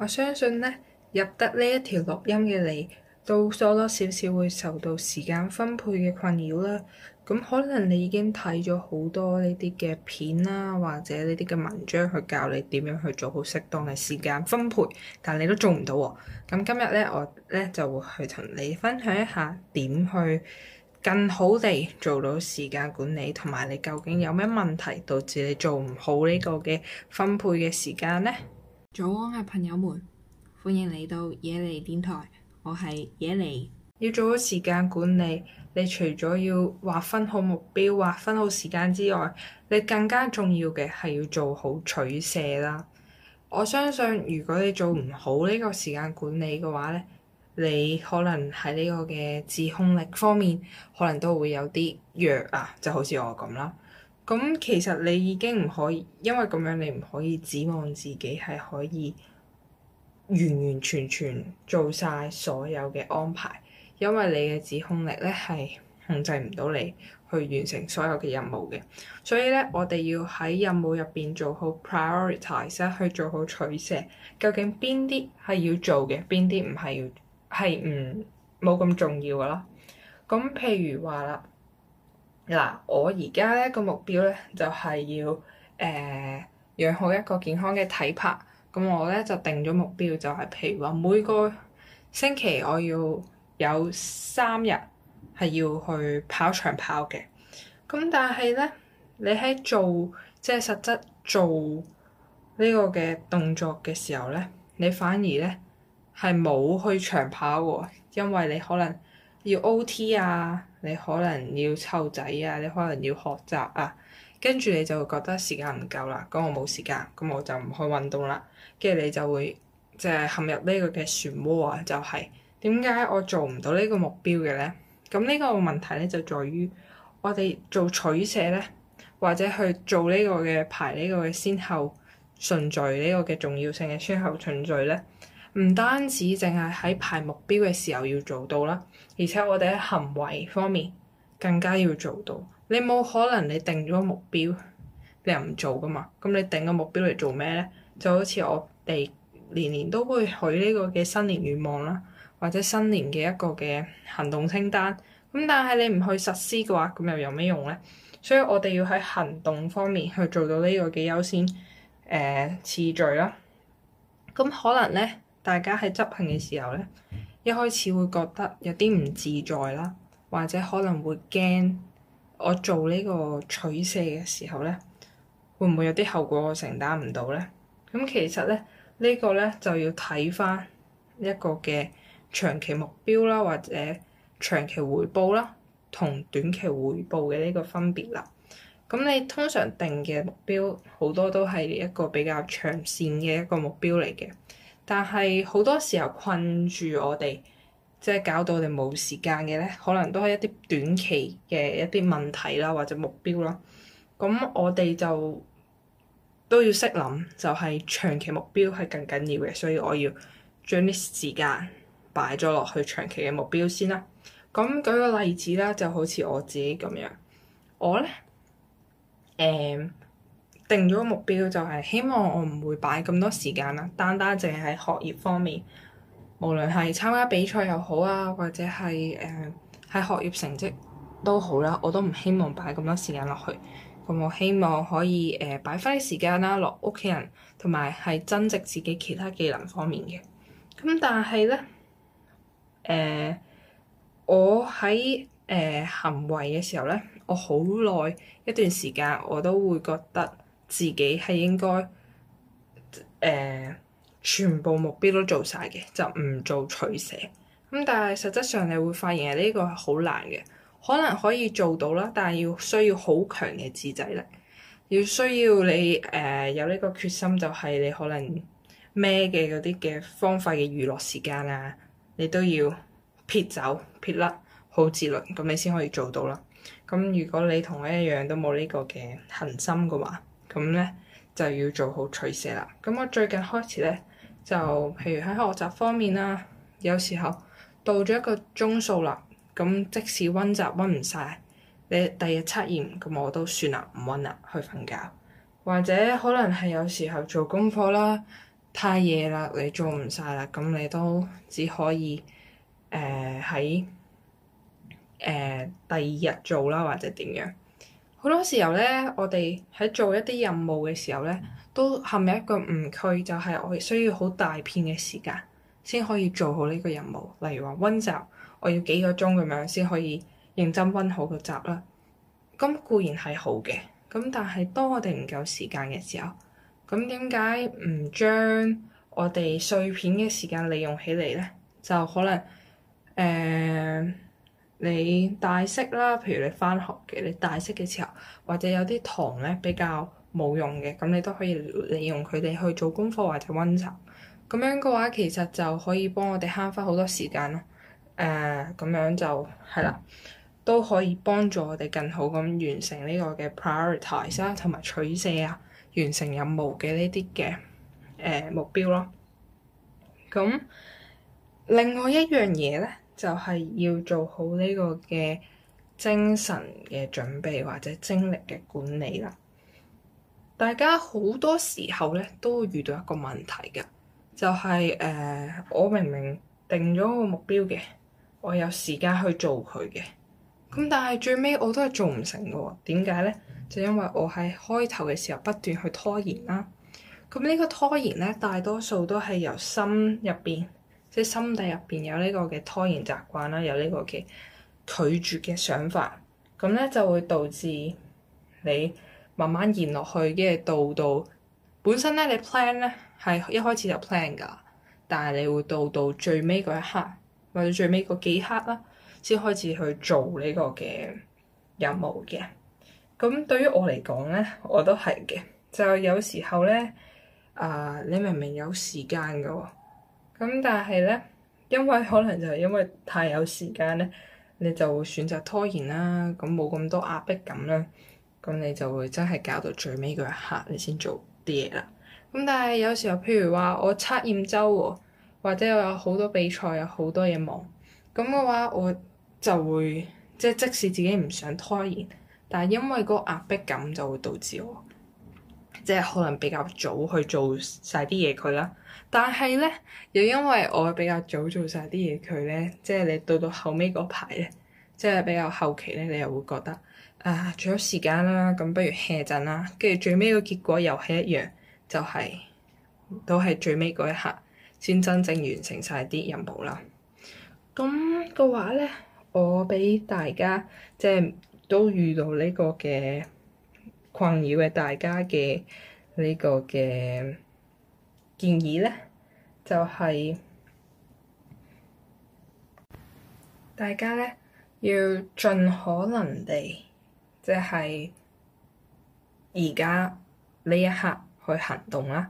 我相信呢，入得呢一條錄音嘅你，都多多少少會受到時間分配嘅困擾啦。咁可能你已經睇咗好多呢啲嘅片啦、啊，或者呢啲嘅文章去教你點樣去做好適當嘅時間分配，但你都做唔到喎、啊。咁今日呢，我呢就會去同你分享一下點去更好地做到時間管理，同埋你究竟有咩問題導致你做唔好呢個嘅分配嘅時間呢。早安啊，朋友們，歡迎嚟到野尼電台，我係野尼。要做好時間管理，你除咗要劃分好目標、劃分好時間之外，你更加重要嘅係要做好取捨啦。我相信如果你做唔好呢個時間管理嘅話咧，你可能喺呢個嘅自控力方面，可能都會有啲弱啊，就好似我咁啦。咁其實你已經唔可以，因為咁樣你唔可以指望自己係可以完完全全做晒所有嘅安排，因為你嘅指控力咧係控制唔到你去完成所有嘅任務嘅。所以咧，我哋要喺任務入邊做好 prioritize，去做好取捨。究竟邊啲係要做嘅？邊啲唔係要，係唔冇咁重要嘅啦。咁譬如話啦。嗱，我而家咧個目標咧就係、是、要誒養、呃、好一個健康嘅體魄，咁、嗯、我咧就定咗目標就係、是，譬如話每個星期我要有三日係要去跑長跑嘅，咁、嗯、但係咧你喺做即係實質做呢個嘅動作嘅時候咧，你反而咧係冇去長跑喎，因為你可能要 OT 啊。你可能要湊仔啊，你可能要學習啊，跟住你就會覺得時間唔夠啦，咁我冇時間，咁我就唔去運動啦，跟住你就會即係陷入呢個嘅漩渦啊，就係點解我做唔到呢個目標嘅咧？咁呢個問題咧就在於我哋做取捨咧，或者去做呢個嘅排呢個嘅先後順序，呢個嘅重要性嘅先後順序咧。唔單止淨係喺排目標嘅時候要做到啦，而且我哋喺行為方面更加要做到。你冇可能你定咗目標，你又唔做噶嘛？咁你定個目標嚟做咩呢？就好似我哋年年都會許呢個嘅新年願望啦，或者新年嘅一個嘅行動清單。咁但係你唔去實施嘅話，咁又有咩用呢？所以我哋要喺行動方面去做到呢個嘅優先、呃、次序啦。咁可能呢。大家喺執行嘅時候咧，一開始會覺得有啲唔自在啦，或者可能會驚我做呢個取捨嘅時候咧，會唔會有啲後果我承擔唔到咧？咁其實咧，呢個咧就要睇翻一個嘅長期目標啦，或者長期回報啦，同短期回報嘅呢個分別啦。咁你通常定嘅目標好多都係一個比較長線嘅一個目標嚟嘅。但係好多時候困住我哋，即係搞到我哋冇時間嘅呢，可能都係一啲短期嘅一啲問題啦，或者目標啦。咁我哋就都要識諗，就係、是、長期目標係更緊要嘅，所以我要將啲時間擺咗落去長期嘅目標先啦。咁、那、舉個例子啦，就好似我自己咁樣，我呢。Um, 定咗目標就係希望我唔會擺咁多時間啦，單單淨係喺學業方面，無論係參加比賽又好啊，或者係誒喺學業成績都好啦，我都唔希望擺咁多時間落去。咁我希望可以誒擺翻啲時間啦，落屋企人同埋係增值自己其他技能方面嘅。咁但係咧，誒、呃、我喺誒、呃、行為嘅時候咧，我好耐一段時間我都會覺得。自己係應該誒、呃、全部目標都做晒嘅，就唔做取捨。咁、嗯、但係實質上你會發現呢個係好難嘅，可能可以做到啦，但係要需要好強嘅自制力，要需要你誒、呃、有呢個決心，就係你可能咩嘅嗰啲嘅方法嘅娛樂時間啊，你都要撇走撇甩，好自律咁你先可以做到啦。咁如果你同我一樣都冇呢個嘅恒心嘅話，咁咧就要做好取捨啦。咁我最近開始咧，就譬如喺學習方面啦、啊，有時候到咗一個鐘數啦，咁即使温習温唔晒，你第二日測驗，咁我都算啦，唔温啦，去瞓覺。或者可能係有時候做功課啦，太夜啦，你做唔晒啦，咁你都只可以誒喺誒第二日做啦，或者點樣？好多時候呢，我哋喺做一啲任務嘅時候呢，都陷入一個誤區，就係我哋需要好大片嘅時間先可以做好呢個任務。例如話温習，我要幾個鐘咁樣先可以認真温好個習啦。咁固然係好嘅，咁但係當我哋唔夠時間嘅時候，咁點解唔將我哋碎片嘅時間利用起嚟呢？就可能誒。呃你大息啦，譬如你翻學嘅，你大息嘅時候，或者有啲堂咧比較冇用嘅，咁你都可以利用佢哋去做功課或者温習，咁樣嘅話其實就可以幫我哋慳翻好多時間咯。誒、呃，咁樣就係啦，都可以幫助我哋更好咁完成呢個嘅 prioritize 啦，同埋取捨啊，完成任務嘅呢啲嘅誒目標咯。咁另外一樣嘢咧。就係要做好呢個嘅精神嘅準備或者精力嘅管理啦。大家好多時候咧都會遇到一個問題㗎，就係、是、誒、呃、我明明定咗個目標嘅，我有時間去做佢嘅，咁但係最尾我都係做唔成㗎喎。點解咧？就因為我喺開頭嘅時候不斷去拖延啦。咁呢個拖延咧，大多數都係由心入邊。即心底入邊有呢個嘅拖延習慣啦，有呢個嘅拒絕嘅想法，咁咧就會導致你慢慢延落去，跟住到到本身咧你 plan 咧係一開始就 plan 噶，但係你會到到最尾嗰一刻或者最尾嗰幾刻啦，先開始去做呢個嘅任務嘅。咁對於我嚟講咧，我都係嘅，就有時候咧，啊、呃、你明明有時間㗎、哦。咁但係咧，因為可能就係因為太有時間咧，你就會選擇拖延啦。咁冇咁多壓迫感啦，咁你就會真係搞到最尾嗰一刻你先做啲嘢啦。咁但係有時候譬如話我測驗週喎，或者我有好多比賽有好多嘢忙，咁嘅話我就會即係即使自己唔想拖延，但係因為嗰個壓迫感就會導致我。即係可能比較早去做晒啲嘢佢啦，但係呢，又因為我比較早做晒啲嘢佢呢，即係你到到後尾嗰排呢，即係比較後期呢，你又會覺得啊，仲有時間啦，咁不如歇陣啦，跟住最尾個結果又係一樣，就係都係最尾嗰一刻先真正完成晒啲任務啦。咁嘅話呢，我俾大家即係都遇到呢個嘅困擾嘅大家嘅呢個嘅建議咧，就係大家咧要盡可能地即係而家呢一刻去行動啦，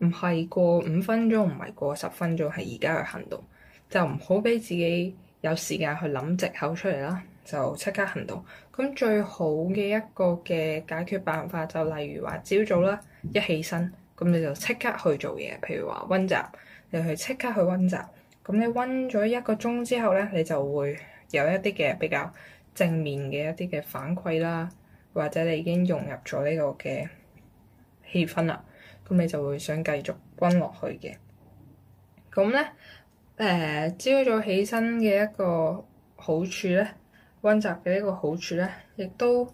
唔係過五分鐘，唔係過十分鐘，係而家去行動，就唔好俾自己有時間去諗藉口出嚟啦。就即刻行動。咁最好嘅一個嘅解決辦法就例如話，朝早啦，一起身，咁你就即刻去做嘢，譬如話温習，你去即刻去温習。咁你温咗一個鐘之後咧，你就會有一啲嘅比較正面嘅一啲嘅反饋啦，或者你已經融入咗呢個嘅氣氛啦，咁你就會想繼續温落去嘅。咁咧，誒、呃、朝早起身嘅一個好處咧。溫習嘅呢個好處咧，亦都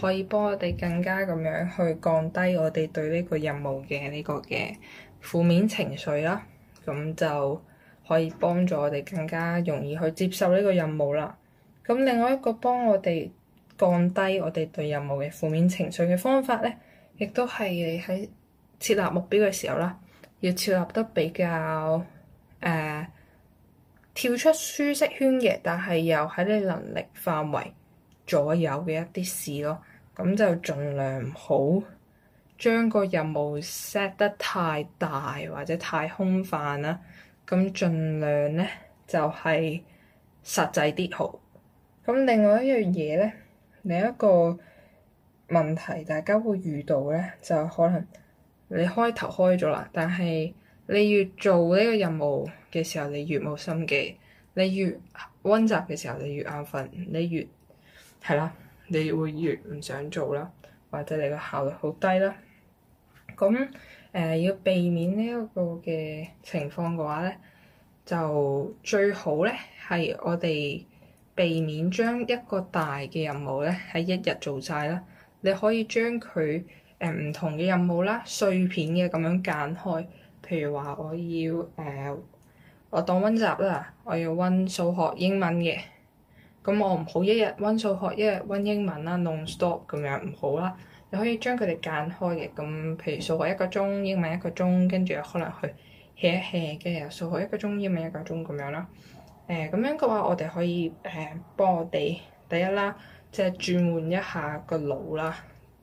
可以幫我哋更加咁樣去降低我哋對呢個任務嘅呢個嘅負面情緒啦。咁就可以幫助我哋更加容易去接受呢個任務啦。咁另外一個幫我哋降低我哋對任務嘅負面情緒嘅方法咧，亦都係喺設立目標嘅時候啦，要設立得比較誒、呃跳出舒適圈嘅，但係又喺你能力範圍左右嘅一啲事咯。咁就盡量唔好將個任務 set 得太大或者太空泛啦。咁盡量呢就係、是、實際啲好。咁另外一樣嘢呢，另一個問題大家會遇到呢，就可能你開頭開咗啦，但係你要做呢個任務。嘅時候，你越冇心機，你越温習嘅時候你，你越眼瞓，你越係啦，你會越唔想做啦，或者你個效率好低啦。咁誒、呃，要避免呢一個嘅情況嘅話咧，就最好咧係我哋避免將一個大嘅任務咧喺一日做晒啦。你可以將佢誒唔同嘅任務啦，碎片嘅咁樣揀開。譬如話，我要誒。呃我當温習啦，我要温數學、英文嘅。咁我唔好一日温數學，一日温英文啦，non-stop 咁樣唔好啦。你可以將佢哋間開嘅，咁譬如數學一個鐘，英文一個鐘，跟住可能去歇一歇，跟住又數學一個鐘，英文一個鐘咁樣啦。誒，咁樣嘅話，我哋可以誒幫我哋第一啦，即係轉換一下個腦啦，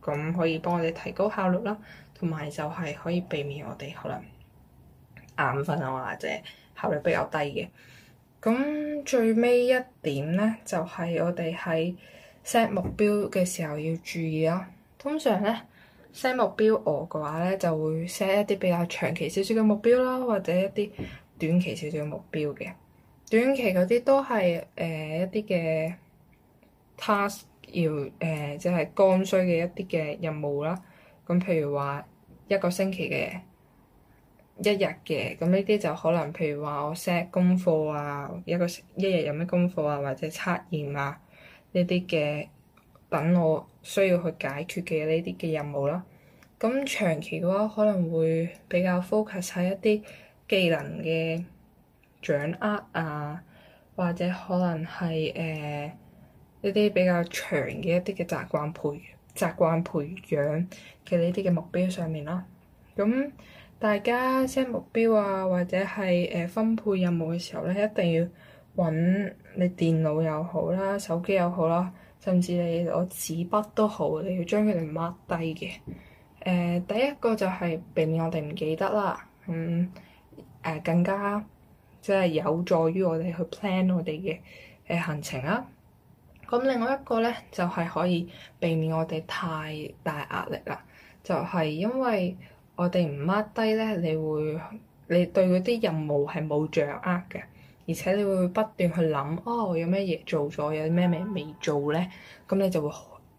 咁可以幫我哋提高效率啦，同埋就係可以避免我哋可能眼瞓啊或者，效率比較低嘅，咁最尾一點咧，就係、是、我哋喺 set 目標嘅時候要注意咯。通常咧 set 目標，我嘅話咧就會 set 一啲比較長期少少嘅目標啦，或者一啲短期少少嘅目標嘅。短期嗰啲都係誒、呃、一啲嘅 task 要誒，即係剛需嘅一啲嘅任務啦。咁譬如話一個星期嘅。一日嘅。咁呢啲就可能，譬如話我 set 功課啊，一個一日有咩功課啊，或者測驗啊呢啲嘅，等我需要去解決嘅呢啲嘅任務啦。咁長期嘅話，可能會比較 focus 喺一啲技能嘅掌握啊，或者可能係誒一啲比較長嘅一啲嘅習慣培習慣培養嘅呢啲嘅目標上面啦。咁。大家 set 目標啊，或者係誒、呃、分配任務嘅時候咧，一定要揾你電腦又好啦，手機又好啦，甚至你攞紙筆都好，你要將佢哋抹低嘅。誒、呃，第一個就係避免我哋唔記得啦。嗯，誒、呃、更加即係、就是、有助於我哋去 plan 我哋嘅誒行程啦。咁另外一個咧，就係、是、可以避免我哋太大壓力啦。就係、是、因為我哋唔 mark 低咧，你會你對嗰啲任務係冇掌握嘅，而且你會不斷去諗哦，有咩嘢做咗，有咩嘢未做咧？咁你就會誒、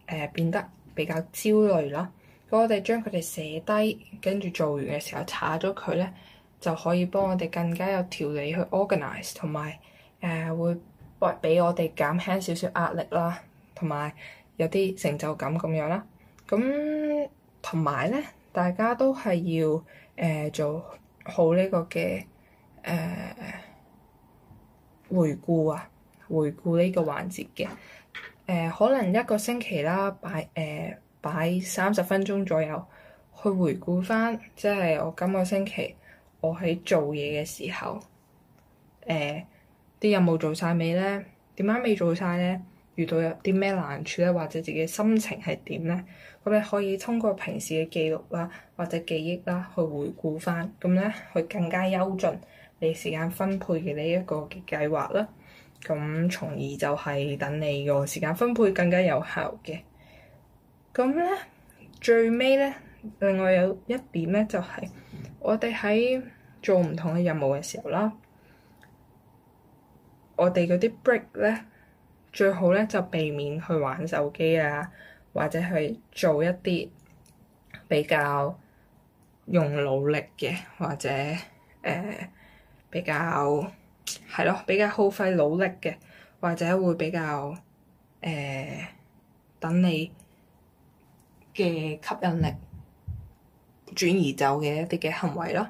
呃、變得比較焦慮啦。咁我哋將佢哋寫低，跟住做完嘅時候查咗佢咧，就可以幫我哋更加有條理去 organize，同埋誒、呃、會俾我哋減輕少少壓力啦，同埋有啲成就感咁樣啦。咁同埋咧。大家都係要誒、呃、做好呢個嘅誒、呃、回顧啊，回顧呢個環節嘅誒、呃，可能一個星期啦，擺誒、呃、擺三十分鐘左右去回顧返，即、就、係、是、我今個星期我喺做嘢嘅時候，誒、呃、啲任務做晒未咧？點解未做晒咧？遇到有啲咩難處咧？或者自己心情係點咧？咁你可以通過平時嘅記錄啦，或者記憶啦，去回顧翻，咁咧去更加優進你時間分配嘅呢一個嘅計劃啦。咁從而就係等你個時間分配更加有效嘅。咁咧最尾咧，另外有一點咧，就係、是、我哋喺做唔同嘅任務嘅時候啦，我哋嗰啲 break 咧，最好咧就避免去玩手機啊。或者去做一啲比較用腦力嘅，或者誒、呃、比較係咯，比較耗費腦力嘅，或者會比較誒、呃、等你嘅吸引力轉移走嘅一啲嘅行為咯。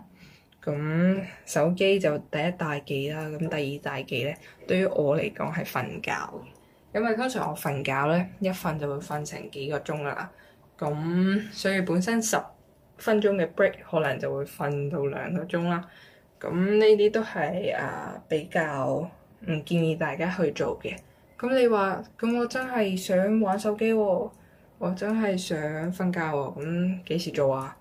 咁手機就第一大忌啦，咁第二大忌咧，對於我嚟講係瞓覺。因為，通常我瞓覺咧，一瞓就會瞓成幾個鐘啦。咁所以本身十分鐘嘅 break 可能就會瞓到兩個鐘啦。咁呢啲都係啊、呃、比較唔建議大家去做嘅。咁你話，咁我真係想玩手機、喎，我真係想瞓覺、喎。咁幾時做啊？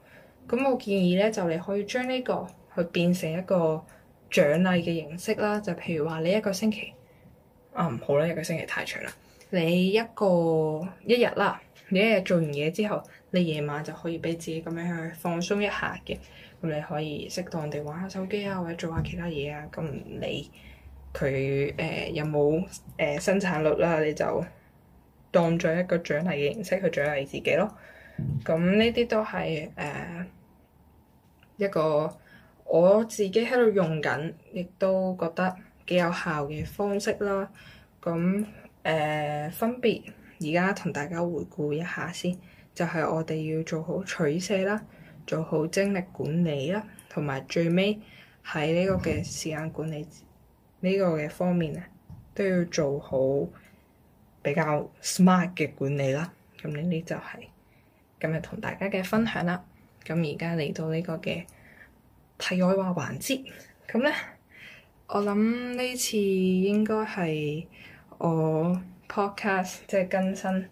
咁我建議咧，就你可以將呢個去變成一個獎勵嘅形式啦。就是、譬如話，你一個星期。啊，唔好啦，一個星期太長啦。你一個一日啦，你一日做完嘢之後，你夜晚就可以俾自己咁樣去放鬆一下嘅。咁你可以適當地玩下手機啊，或者做下其他嘢啊。咁你佢誒、呃、有冇誒、呃、生產率啦？你就當咗一個獎勵嘅形式去獎勵自己咯。咁呢啲都係誒、呃、一個我自己喺度用緊，亦都覺得。幾有效嘅方式啦，咁誒、呃、分別而家同大家回顧一下先，就係、是、我哋要做好取捨啦，做好精力管理啦，同埋最尾喺呢個嘅時間管理呢個嘅方面咧，都要做好比較 smart 嘅管理啦。咁呢啲就係今日同大家嘅分享啦。咁而家嚟到呢個嘅題外話環節，咁咧。我諗呢次應該係我 Podcast 即係更新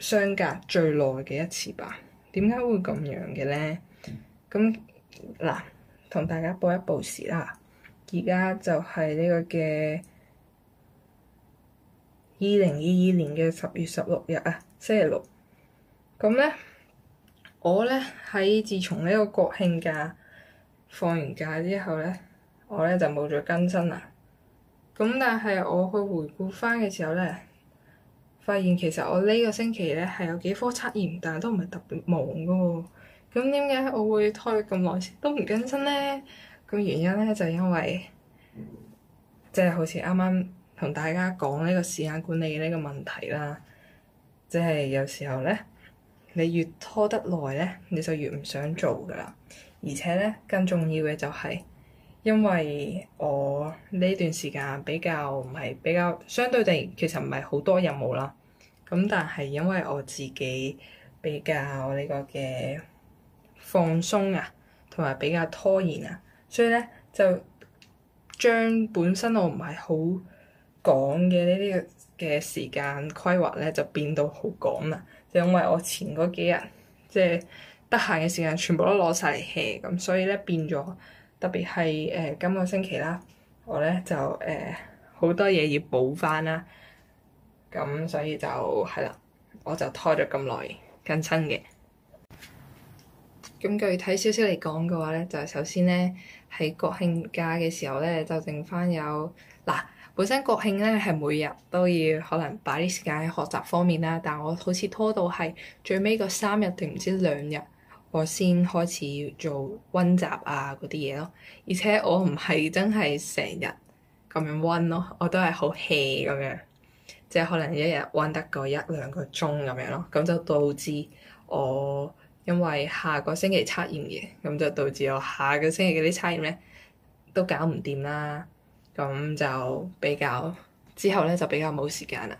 相隔最耐嘅一次吧？點解會咁樣嘅咧？咁嗱，同大家報一報時啦。而家就係呢個嘅二零二二年嘅十月十六日啊，星期六。咁咧，我咧喺自從呢個國慶假放完假之後咧。我咧就冇再更新啦。咁但係我去回顧翻嘅時候咧，發現其實我呢個星期咧係有幾科測驗，但係都唔係特別忙噶。咁點解我會拖咁耐都唔更新咧？咁原因咧就因為即係好似啱啱同大家講呢個時間管理呢個問題啦。即係有時候咧，你越拖得耐咧，你就越唔想做噶啦。而且咧，更重要嘅就係。因為我呢段時間比較唔係比較相對地，其實唔係好多任務啦。咁但係因為我自己比較呢個嘅放鬆啊，同埋比較拖延啊，所以咧就將本身我唔係好趕嘅呢啲嘅時間規劃咧，就變到好趕啦。就因為我前嗰幾日即係得閒嘅時間全部都攞晒嚟 hea，咁所以咧變咗。特別係誒、呃、今個星期啦，我咧就誒好、呃、多嘢要補翻啦，咁所以就係啦，我就拖咗咁耐更新嘅。咁具體少少嚟講嘅話咧，就係首先咧喺國慶假嘅時候咧，就剩翻有嗱本身國慶咧係每日都要可能擺啲時間喺學習方面啦，但我好似拖到係最尾個三日定唔知兩日。我先開始做溫習啊嗰啲嘢咯，而且我唔係真係成日咁樣溫咯，我都係好 hea 咁樣，即係可能一日溫得個一兩個鐘咁樣咯，咁就導致我因為下個星期測驗嘅，咁就導致我下個星期嗰啲測驗咧都搞唔掂啦，咁就比較之後咧就比較冇時間啦，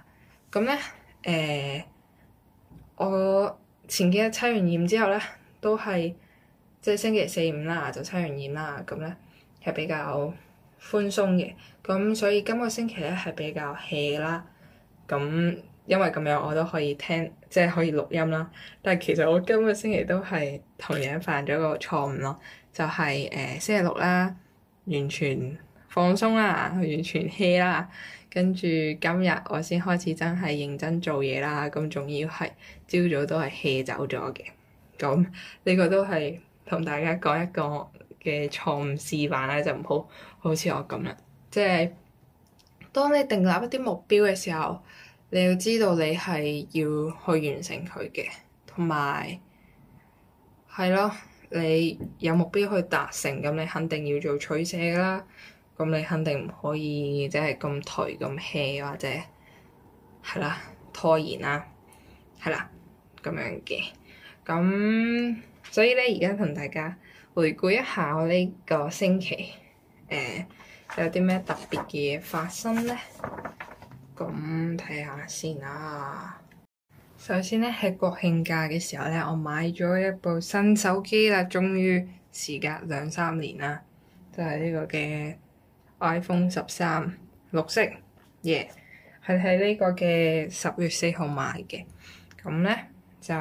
咁咧誒我前幾日測完驗之後咧。都係即係星期四、五啦，就測完驗啦，咁咧係比較寬鬆嘅。咁所以今個星期咧係比較 hea 啦。咁因為咁樣，我都可以聽，即係可以錄音啦。但係其實我今個星期都係同樣犯咗個錯誤咯，就係、是、誒、呃、星期六啦，完全放鬆啦，完全 hea 啦。跟住今日我先開始真係認真做嘢啦。咁仲要係朝早都係 hea 走咗嘅。咁呢個都係同大家講一個嘅錯誤示範啦，就唔好好似我咁啦。即係當你定立一啲目標嘅時候，你要知道你係要去完成佢嘅，同埋係咯，你有目標去達成，咁你肯定要做取捨啦。咁你肯定唔可以即係咁頹咁 hea 或者係啦拖延啦，係啦咁樣嘅。咁所以咧，而家同大家回顧一下我呢個星期，誒、呃、有啲咩特別嘅嘢發生呢？咁睇下先啊。首先呢，喺國慶假嘅時候呢，我買咗一部新手機啦，終於時隔兩三年啦，就係、是、呢個嘅 iPhone 十三，綠色，耶、yeah！係喺呢個嘅十月四號買嘅，咁呢，就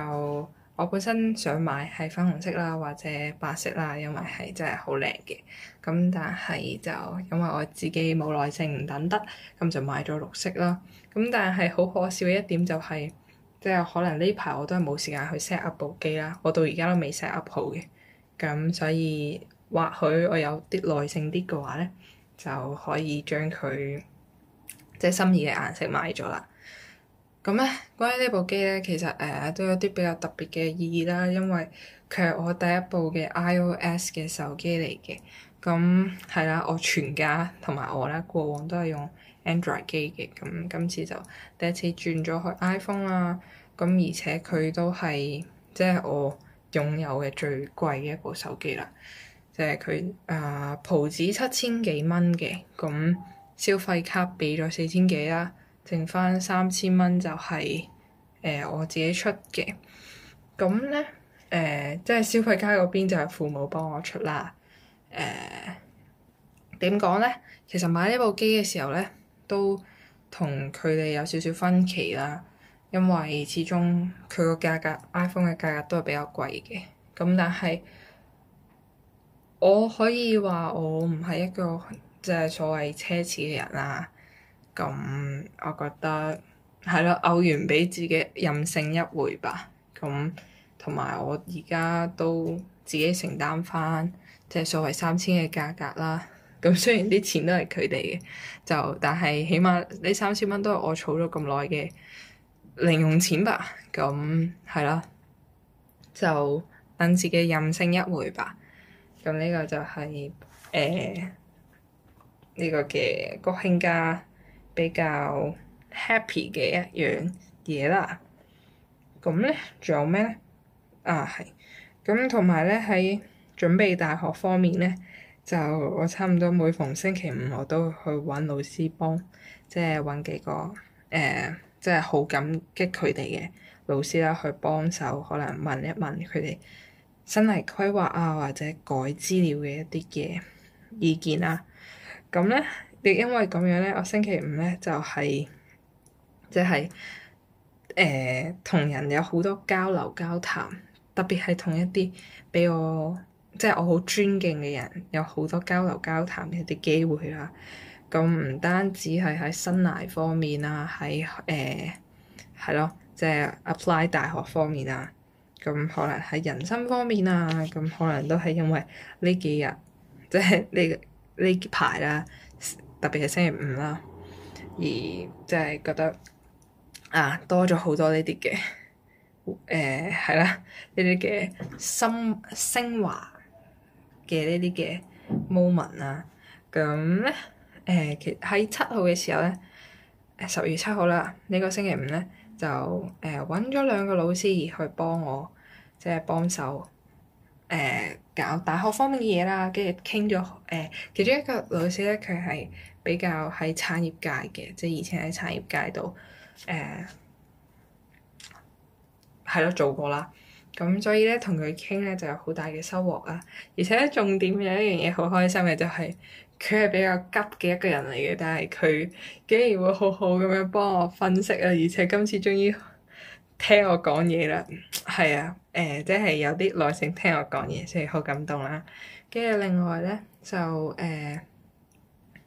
～我本身想買係粉紅色啦，或者白色啦，因為係真係好靚嘅。咁但係就因為我自己冇耐性唔等得，咁就買咗綠色啦。咁但係好可笑嘅一點就係、是，即係可能呢排我都係冇時間去 set up 部機啦。我到而家都未 set up 好嘅。咁所以或許我有啲耐性啲嘅話咧，就可以將佢即係心儀嘅顏色買咗啦。咁咧、嗯，關於呢部機咧，其實誒、呃、都有啲比較特別嘅意義啦，因為佢係我第一部嘅 iOS 嘅手機嚟嘅。咁、嗯、係啦，我全家同埋我咧過往都係用 Android 機嘅，咁、嗯、今次就第一次轉咗去 iPhone 啦。咁、嗯、而且佢都係即係我擁有嘅最貴嘅一部手機啦，就係佢啊，鋪子七千幾蚊嘅，咁、嗯、消費卡俾咗四千幾啦。剩翻三千蚊就係、是、誒、呃、我自己出嘅，咁咧誒即係消費街嗰邊就係父母幫我出啦。誒點講咧？其實買呢部機嘅時候咧，都同佢哋有少少分歧啦，因為始終佢個價格 iPhone 嘅價格都係比較貴嘅。咁但係我可以話我唔係一個即係所謂奢侈嘅人啦。咁、嗯、我覺得係咯，偶然畀自己任性一回吧。咁同埋我而家都自己承擔返，即係所謂三千嘅價格啦。咁、嗯、雖然啲錢都係佢哋嘅，就但係起碼呢三千蚊都係我儲咗咁耐嘅零用錢吧。咁係咯，就等自己任性一回吧。咁、嗯、呢、這個就係誒呢個嘅國慶假。比較 happy 嘅一樣嘢啦。咁呢，仲有咩呢？啊，係。咁同埋呢，喺準備大學方面呢，就我差唔多每逢星期五我都去揾老師幫，即係揾幾個誒、呃，即係好感激佢哋嘅老師啦，去幫手可能問一問佢哋生涯規劃啊，或者改資料嘅一啲嘅意見啊。咁呢。亦因為咁樣咧，我星期五咧就係即係誒同人有好多交流交談，特別係同一啲畀我即係、就是、我好尊敬嘅人有好多交流交談嘅啲機會啦。咁、嗯、唔單止係喺生涯方面啊，喺誒係咯，即、就、係、是、apply 大學方面啊，咁、嗯、可能喺人生方面啊，咁、嗯、可能都係因為呢幾日即係呢呢排啦。特別係星期五啦，而即係覺得啊多咗好多呢啲嘅誒係啦呢啲嘅深升華嘅呢啲嘅 moment 啊，咁咧誒其喺七號嘅時候咧，呃、十月七號啦，呢、呢個星期五咧就誒搵咗兩個老師去幫我即係、即係、幫手誒、呃、搞大學方面嘅嘢啦，跟住傾咗誒其中一個老師咧，佢係。比較喺產業界嘅，即係以前喺產業界度，誒、呃，係咯，做過啦。咁所以咧，同佢傾咧就有好大嘅收穫啦。而且重點有一樣嘢好開心嘅就係、是，佢係比較急嘅一個人嚟嘅，但係佢竟然會好好咁樣幫我分析啊！而且今次終於 聽我講嘢啦，係啊，誒、呃，即係有啲耐性聽我講嘢，所以好感動啦。跟住另外咧就誒。呃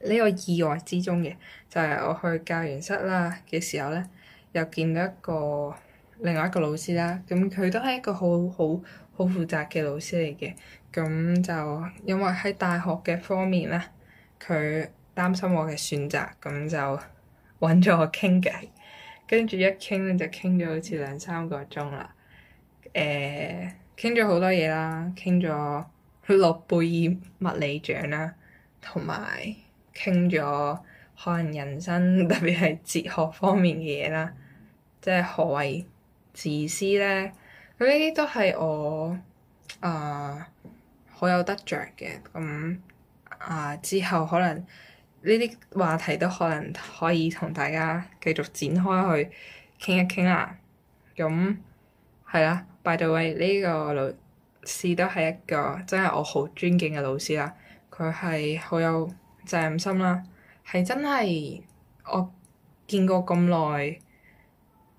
呢個意外之中嘅，就係、是、我去教員室啦嘅時候咧，又見到一個另外一個老師啦。咁佢都係一個好好好負責嘅老師嚟嘅。咁就因為喺大學嘅方面咧，佢擔心我嘅選擇，咁就揾咗我傾偈。跟住一傾咧，就傾咗好似兩三個鐘啦。誒、呃，傾咗好多嘢啦，傾咗諾貝爾物理獎啦，同埋～傾咗可能人生，特別係哲學方面嘅嘢啦，即係何謂自私呢？咁呢啲都係我啊好、呃、有得着嘅。咁啊、呃、之後可能呢啲話題都可能可以同大家繼續展開去傾一傾啦。咁係啦，By the way，呢個老師都係一個真係我好尊敬嘅老師啦。佢係好有責任心啦，係真係我見過咁耐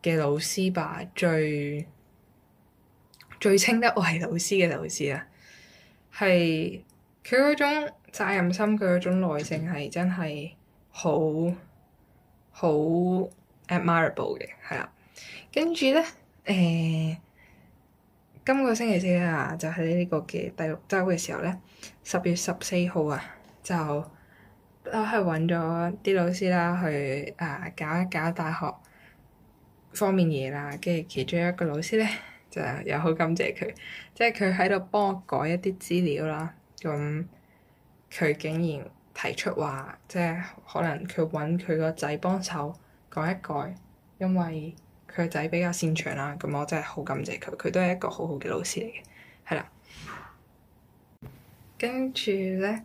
嘅老師吧，最最稱得為老師嘅老師啊，係佢嗰種責任心，佢嗰種耐性係真係好好 admirable 嘅，係啊，跟住咧，誒、呃，今個星期四啊，就喺呢個嘅第六周嘅時候咧，十月十四號啊，就。我係揾咗啲老師啦，去啊搞一搞大學方面嘢啦。跟住其中一個老師咧，就又好感謝佢，即係佢喺度幫我改一啲資料啦。咁佢竟然提出話，即係可能佢揾佢個仔幫手改一改，因為佢個仔比較擅長啦。咁我真係好感謝佢，佢都係一個好好嘅老師嚟嘅，係啦。跟住咧，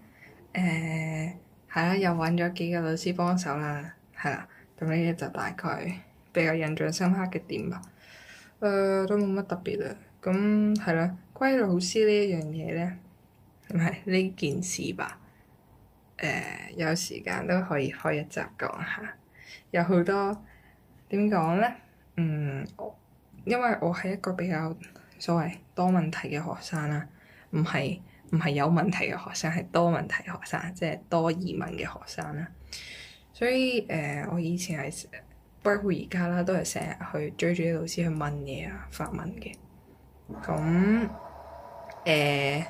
誒、呃。係啦、嗯，又揾咗幾個老師幫手啦，係啦，咁呢啲就大概比較印象深刻嘅點吧。誒、呃，都冇乜特別啦。咁係啦，關於老師呢一樣嘢咧，唔係呢件事吧。誒、呃，有時間都可以開一集講下，有好多點講咧。嗯，因為我係一個比較所謂多問題嘅學生啦，唔係。唔係有問題嘅學生，係多問題學生，即係多疑問嘅學生啦。所以誒、呃，我以前係，包括而家啦，都係成日去追住啲老師去問嘢啊、發問嘅。咁誒、呃，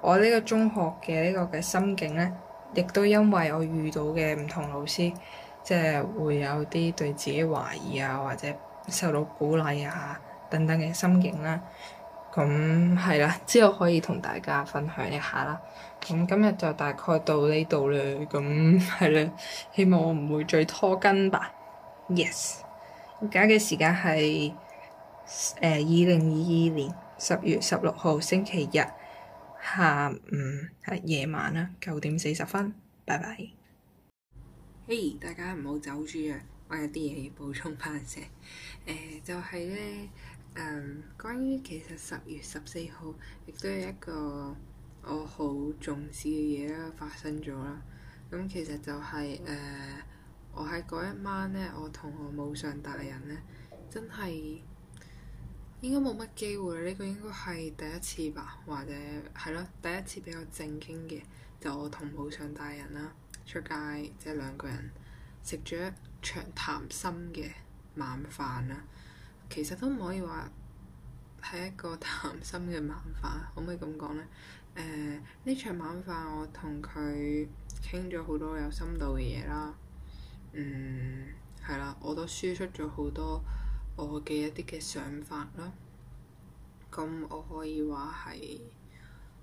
我呢個中學嘅呢個嘅心境呢，亦都因為我遇到嘅唔同老師，即係會有啲對自己懷疑啊，或者受到鼓勵啊等等嘅心境啦、啊。咁係啦，之後可以同大家分享一下啦。咁、嗯、今日就大概到呢度咧。咁係咧，希望我唔會再拖更吧。Yes，而家嘅時間係誒二零二二年十月十六號星期日下午係夜晚啦，九點四十分。拜拜。嘿，hey, 大家唔好走住著，我有啲嘢要補充翻先。誒、呃，就係、是、咧。誒，um, 關於其實十月十四號，亦都係一個我好重視嘅嘢啦，發生咗啦。咁其實就係、是、誒，uh, 我喺嗰一晚呢，我同我母上大人呢，真係應該冇乜機會呢、呢個應該係第一次吧，或者係咯，第一次比較正經嘅，就我同母上大人啦出街，即、係、兩個人食咗一場談心嘅晚飯啦。其實都唔可以話係一個談心嘅晚飯，可唔可以咁講呢？誒、呃，呢場晚飯我同佢傾咗好多有深度嘅嘢啦，嗯，係啦，我都輸出咗好多我嘅一啲嘅想法啦。咁我可以話係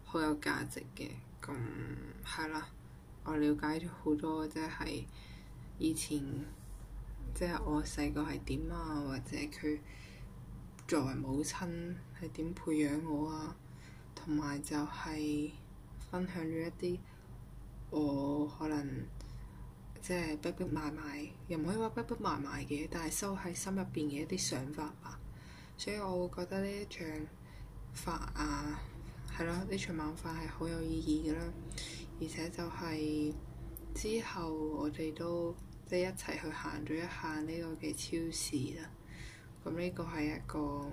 好有價值嘅，咁係啦，我了解咗好多即係以前。即係我細個係點啊，或者佢作為母親係點培養我啊，同埋就係分享咗一啲我可能即係逼逼埋埋，又唔可以話逼逼埋埋嘅，但係收喺心入邊嘅一啲想法吧、啊。所以我會覺得呢場飯啊，係咯，呢場晚飯係好有意義嘅啦。而且就係之後我哋都。即係一齊去行咗一下呢、這個嘅超市啦。咁、嗯、呢、這個係一個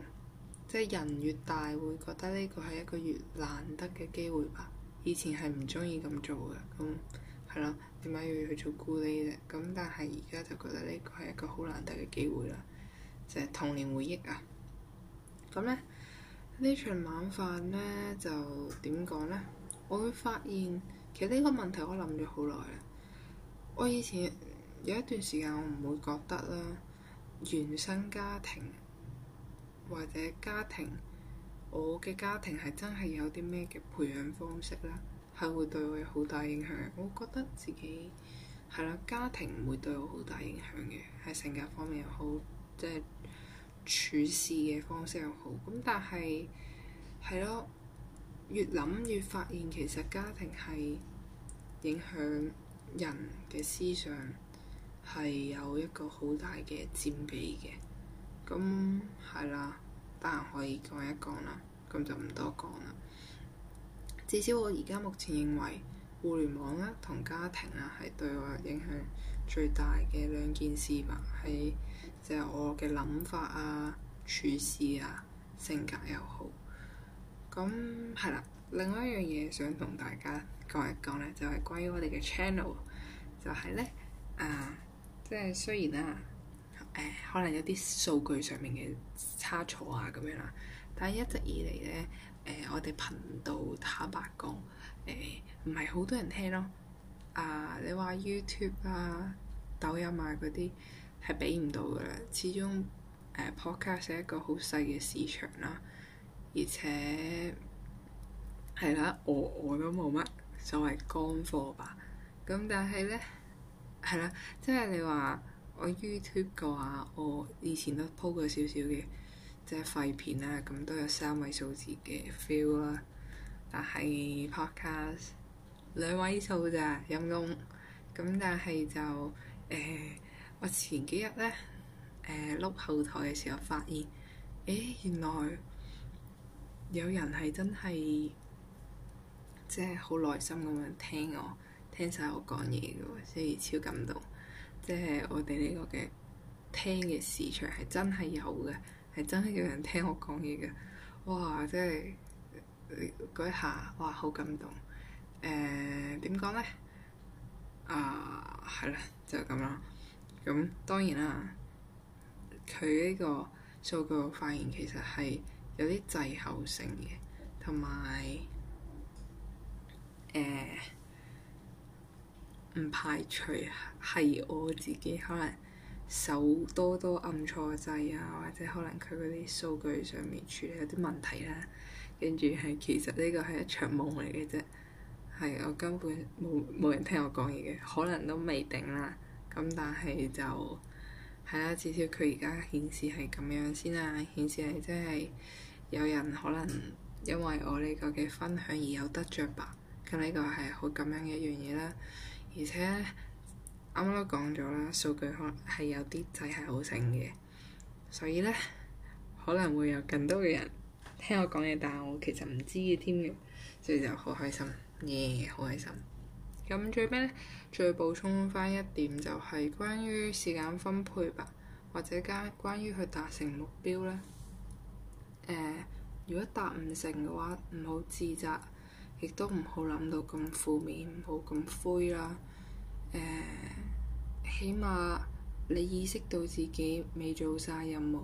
即係人越大會覺得呢個係一個越難得嘅機會吧。以前係唔中意咁做嘅，咁係咯，點解要去做咕喱咧？咁、嗯、但係而家就覺得呢個係一個好難得嘅機會啦，就係、是、童年回憶啊。咁咧呢場晚飯咧就點講咧？我會發現其實呢個問題我諗咗好耐啦。我以前～有一段時間，我唔會覺得啦。原生家庭或者家庭，我嘅家庭係真係有啲咩嘅培養方式啦，係會對我有好大影響。我覺得自己係啦，家庭唔會對我好大影響嘅，係性格方面又好，即係處事嘅方式又好。咁但係係咯，越諗越發現，其實家庭係影響人嘅思想。係有一個好大嘅佔比嘅，咁係啦，得閒可以講一講啦，咁就唔多講啦。至少我而家目前認為，互聯網啦同家庭啊係對我影響最大嘅兩件事吧。係就係我嘅諗法啊、處事啊、性格又好。咁係啦，另外一樣嘢想同大家講一講咧，就係、是、關於我哋嘅 channel，就係、是、咧，誒、嗯。即係雖然啦，誒、呃、可能有啲數據上面嘅差錯啊咁樣啦，但係一直以嚟咧，誒、呃、我哋頻道坦白講，誒唔係好多人聽咯。啊，你話 YouTube 啊、抖音啊嗰啲係畀唔到噶啦，始終誒、呃、Podcast 係一個好細嘅市場啦，而且係啦，我我都冇乜所謂乾貨吧。咁但係咧。係啦，即係你話我 YouTube 嘅話，我以前都鋪過少少嘅，即係廢片啊，咁都有三位數字嘅 feel 啦，但係 Podcast 兩位數咋陰公，咁但係就誒、呃、我前幾日咧誒碌後台嘅時候發現誒、欸、原來有人係真係即係好耐心咁樣聽我。聽晒我講嘢嘅喎，所以超感動。即係我哋呢個嘅聽嘅市場係真係有嘅，係真係有人聽我講嘢嘅。哇！即係嗰一下，哇，好感動。誒點講咧？啊係啦，就咁啦。咁當然啦，佢呢個數據發現其實係有啲滯後性嘅，同埋誒。呃唔排除係我自己可能手多多暗錯掣啊，或者可能佢嗰啲數據上面處理有啲問題啦。跟住係其實呢個係一場夢嚟嘅啫，係我根本冇冇人聽我講嘢嘅，可能都未頂啦。咁但係就係啦、啊，至少佢而家顯示係咁樣先啦，顯示係即係有人可能因為我呢個嘅分享而有得着吧。咁呢個係好咁樣嘅一樣嘢啦。而且啱啱都講咗啦，數據可能係有啲仔係好醒嘅，所以咧可能會有更多嘅人聽我講嘢，但係我其實唔知嘅添嘅，所以就好開心，耶、yeah, 好開心。咁最尾咧，再補充翻一點就係關於時間分配吧，或者關關於佢達成目標咧。誒、呃，如果達唔成嘅話，唔好自責。亦都唔好諗到咁負面，唔好咁灰啦。誒、uh，起碼你意識到自己未做晒任務，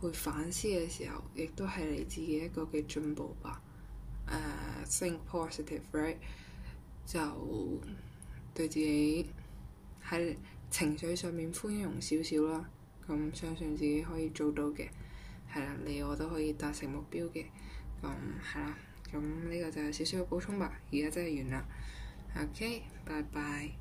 去反思嘅時候，亦都係你自己一個嘅進步吧。誒、uh，think positive，right，就對自己喺情緒上面寬容少少啦。咁、嗯、相信自己可以做到嘅，係啦，你我都可以達成目標嘅。咁係啦。咁呢個就有少少嘅補充吧，而家真係完啦。OK，拜拜。